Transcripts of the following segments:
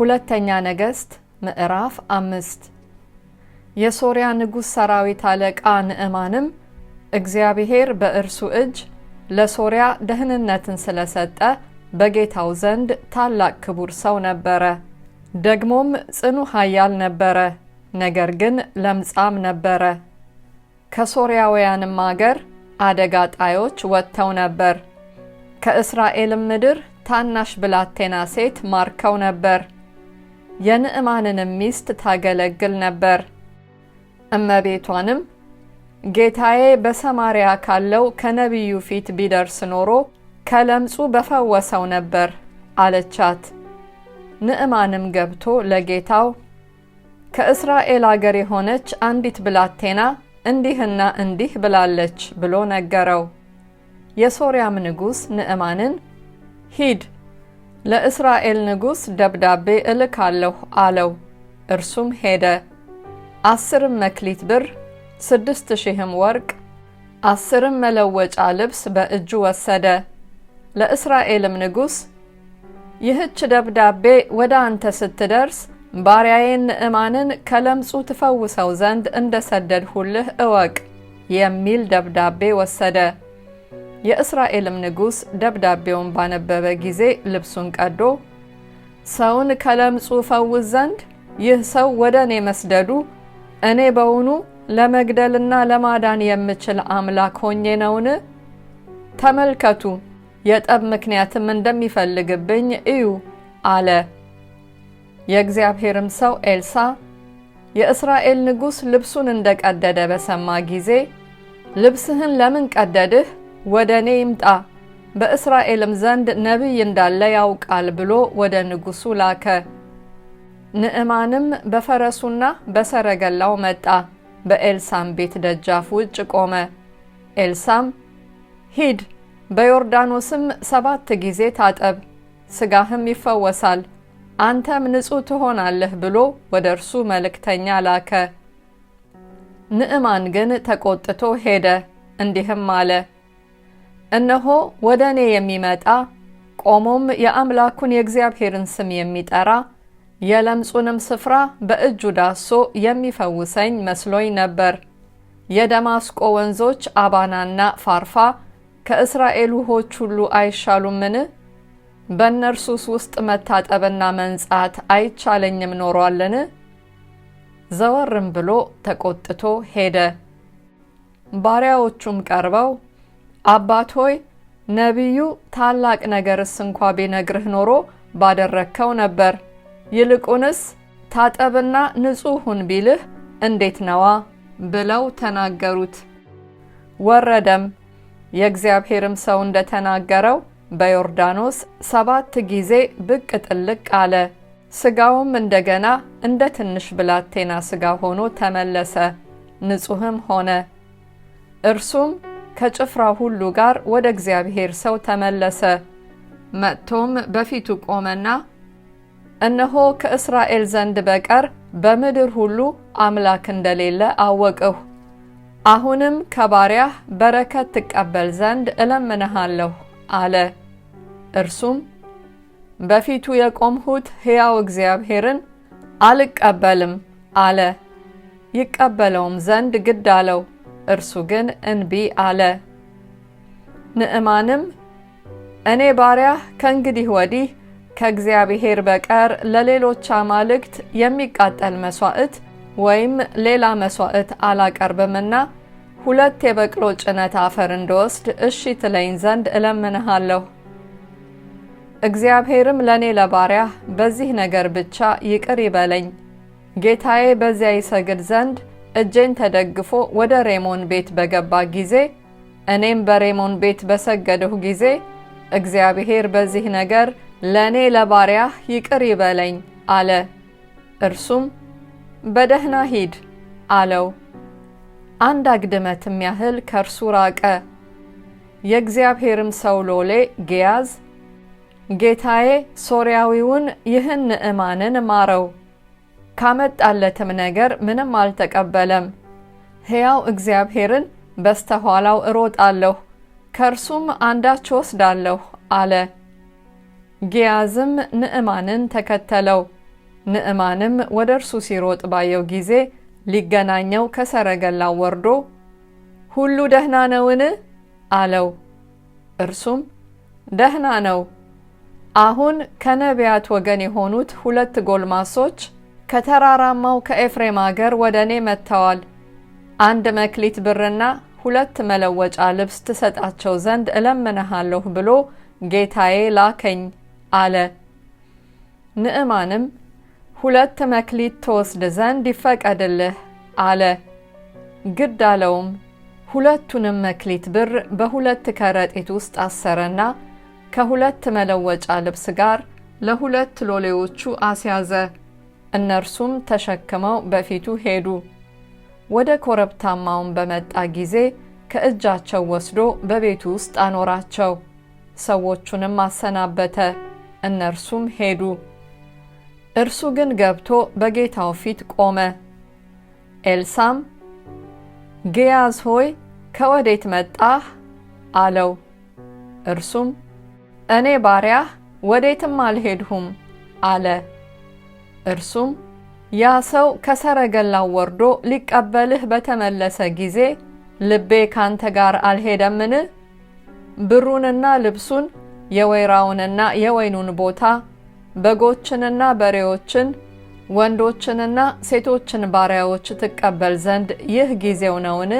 ሁለተኛ ነገሥት ምዕራፍ አምስት የሶርያ ንጉሥ ሰራዊት አለቃ ንዕማንም እግዚአብሔር በእርሱ እጅ ለሶርያ ደህንነትን ስለሰጠ በጌታው ዘንድ ታላቅ ክቡር ሰው ነበረ። ደግሞም ጽኑ ኃያል ነበረ፣ ነገር ግን ለምጻም ነበረ። ከሶርያውያንም አገር አደጋ ጣዮች ወጥተው ነበር። ከእስራኤልም ምድር ታናሽ ብላቴና ሴት ማርከው ነበር። የንዕማንንም ሚስት ታገለግል ነበር። እመቤቷንም ጌታዬ በሰማሪያ ካለው ከነቢዩ ፊት ቢደርስ ኖሮ ከለምጹ በፈወሰው ነበር አለቻት። ንዕማንም ገብቶ ለጌታው ከእስራኤል አገር የሆነች አንዲት ብላቴና እንዲህና እንዲህ ብላለች ብሎ ነገረው። የሶርያም ንጉሥ ንዕማንን ሂድ ለእስራኤል ንጉሥ ደብዳቤ እልካለሁ አለው። እርሱም ሄደ። አስርም መክሊት ብር፣ ስድስት ሺህም ወርቅ፣ አስርም መለወጫ ልብስ በእጁ ወሰደ። ለእስራኤልም ንጉሥ ይህች ደብዳቤ ወደ አንተ ስትደርስ ባሪያዬን ንዕማንን ከለምጹ ትፈውሰው ዘንድ እንደ ሰደድሁልህ እወቅ የሚል ደብዳቤ ወሰደ። የእስራኤልም ንጉሥ ደብዳቤውን ባነበበ ጊዜ ልብሱን ቀዶ ሰውን ከለምጹ ፈውስ ዘንድ ይህ ሰው ወደ እኔ መስደዱ እኔ በውኑ ለመግደልና ለማዳን የምችል አምላክ ሆኜ ነውን? ተመልከቱ፣ የጠብ ምክንያትም እንደሚፈልግብኝ እዩ አለ። የእግዚአብሔርም ሰው ኤልሳ የእስራኤል ንጉሥ ልብሱን እንደቀደደ በሰማ ጊዜ ልብስህን ለምን ቀደድህ? ወደ እኔ ይምጣ በእስራኤልም ዘንድ ነቢይ እንዳለ ያውቃል ብሎ ወደ ንጉሡ ላከ። ንዕማንም በፈረሱና በሰረገላው መጣ፣ በኤልሳም ቤት ደጃፍ ውጭ ቆመ። ኤልሳም ሂድ፣ በዮርዳኖስም ሰባት ጊዜ ታጠብ፣ ስጋህም ይፈወሳል፣ አንተም ንጹሕ ትሆናለህ ብሎ ወደ እርሱ መልእክተኛ ላከ። ንዕማን ግን ተቆጥቶ ሄደ፣ እንዲህም አለ እነሆ ወደ እኔ የሚመጣ ቆሞም የአምላኩን የእግዚአብሔርን ስም የሚጠራ የለምጹንም ስፍራ በእጁ ዳሶ የሚፈውሰኝ መስሎኝ ነበር። የደማስቆ ወንዞች አባናና ፋርፋ ከእስራኤል ውሆች ሁሉ አይሻሉምን? በእነርሱስ ውስጥ መታጠብና መንጻት አይቻለኝም ኖሯልን? ዘወርም ብሎ ተቆጥቶ ሄደ። ባሪያዎቹም ቀርበው አባት ሆይ ነቢዩ ታላቅ ነገርስ እንኳ ቢነግርህ ኖሮ ባደረግከው ነበር፣ ይልቁንስ ታጠብና ንጹሕ ሁን ቢልህ እንዴት ነዋ ብለው ተናገሩት። ወረደም የእግዚአብሔርም ሰው እንደተናገረው በዮርዳኖስ ሰባት ጊዜ ብቅ ጥልቅ አለ። ስጋውም እንደገና እንደ ትንሽ ብላቴና ስጋ ሆኖ ተመለሰ፣ ንጹሕም ሆነ። እርሱም ከጭፍራ ሁሉ ጋር ወደ እግዚአብሔር ሰው ተመለሰ። መጥቶም በፊቱ ቆመና እነሆ ከእስራኤል ዘንድ በቀር በምድር ሁሉ አምላክ እንደሌለ አወቅሁ። አሁንም ከባሪያህ በረከት ትቀበል ዘንድ እለምንሃለሁ አለ። እርሱም በፊቱ የቆምሁት ሕያው እግዚአብሔርን አልቀበልም አለ። ይቀበለውም ዘንድ ግድ አለው። እርሱ ግን እንቢ አለ። ንዕማንም እኔ ባሪያህ ከእንግዲህ ወዲህ ከእግዚአብሔር በቀር ለሌሎች አማልክት የሚቃጠል መሥዋዕት ወይም ሌላ መሥዋዕት አላቀርብምና ሁለት የበቅሎ ጭነት አፈር እንደወስድ እሺ ትለኝ ዘንድ እለምንሃለሁ። እግዚአብሔርም ለእኔ ለባሪያህ በዚህ ነገር ብቻ ይቅር ይበለኝ፣ ጌታዬ በዚያ ይሰግድ ዘንድ እጄን ተደግፎ ወደ ሬሞን ቤት በገባ ጊዜ እኔም በሬሞን ቤት በሰገድሁ ጊዜ እግዚአብሔር በዚህ ነገር ለእኔ ለባሪያህ ይቅር ይበለኝ አለ። እርሱም በደህና ሂድ አለው። አንድ አግድመትም ያህል ከእርሱ ራቀ። የእግዚአብሔርም ሰው ሎሌ ጌያዝ ጌታዬ ሶርያዊውን ይህን ንዕማንን ማረው ካመጣለትም ነገር ምንም አልተቀበለም። ሕያው እግዚአብሔርን በስተኋላው እሮጣለሁ፣ ከእርሱም አንዳች ወስዳለሁ አለ። ጊያዝም ንዕማንን ተከተለው። ንዕማንም ወደ እርሱ ሲሮጥ ባየው ጊዜ ሊገናኘው ከሰረገላው ወርዶ ሁሉ ደህና ነውን? አለው። እርሱም ደህና ነው። አሁን ከነቢያት ወገን የሆኑት ሁለት ጎልማሶች ከተራራማው ከኤፍሬም አገር ወደ እኔ መጥተዋል። አንድ መክሊት ብርና ሁለት መለወጫ ልብስ ትሰጣቸው ዘንድ እለምንሃለሁ ብሎ ጌታዬ ላከኝ አለ። ንዕማንም ሁለት መክሊት ትወስድ ዘንድ ይፈቀድልህ አለ። ግድ አለውም። ሁለቱንም መክሊት ብር በሁለት ከረጢት ውስጥ አሰረና ከሁለት መለወጫ ልብስ ጋር ለሁለት ሎሌዎቹ አስያዘ። እነርሱም ተሸክመው በፊቱ ሄዱ። ወደ ኮረብታማውን በመጣ ጊዜ ከእጃቸው ወስዶ በቤቱ ውስጥ አኖራቸው። ሰዎቹንም አሰናበተ፣ እነርሱም ሄዱ። እርሱ ግን ገብቶ በጌታው ፊት ቆመ። ኤልሳም ግያዝ ሆይ ከወዴት መጣህ? አለው። እርሱም እኔ ባሪያህ ወዴትም አልሄድሁም አለ። እርሱም ያ ሰው ከሰረገላው ወርዶ ሊቀበልህ በተመለሰ ጊዜ ልቤ ካንተ ጋር አልሄደምን? ብሩንና ልብሱን፣ የወይራውንና የወይኑን ቦታ፣ በጎችንና በሬዎችን፣ ወንዶችንና ሴቶችን ባሪያዎች ትቀበል ዘንድ ይህ ጊዜው ነውን?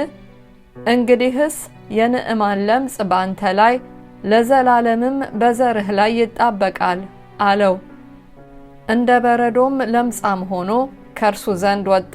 እንግዲህስ የንዕማን ለምጽ ባንተ ላይ ለዘላለምም በዘርህ ላይ ይጣበቃል አለው። እንደ በረዶም ለምጻም ሆኖ ከእርሱ ዘንድ ወጣ።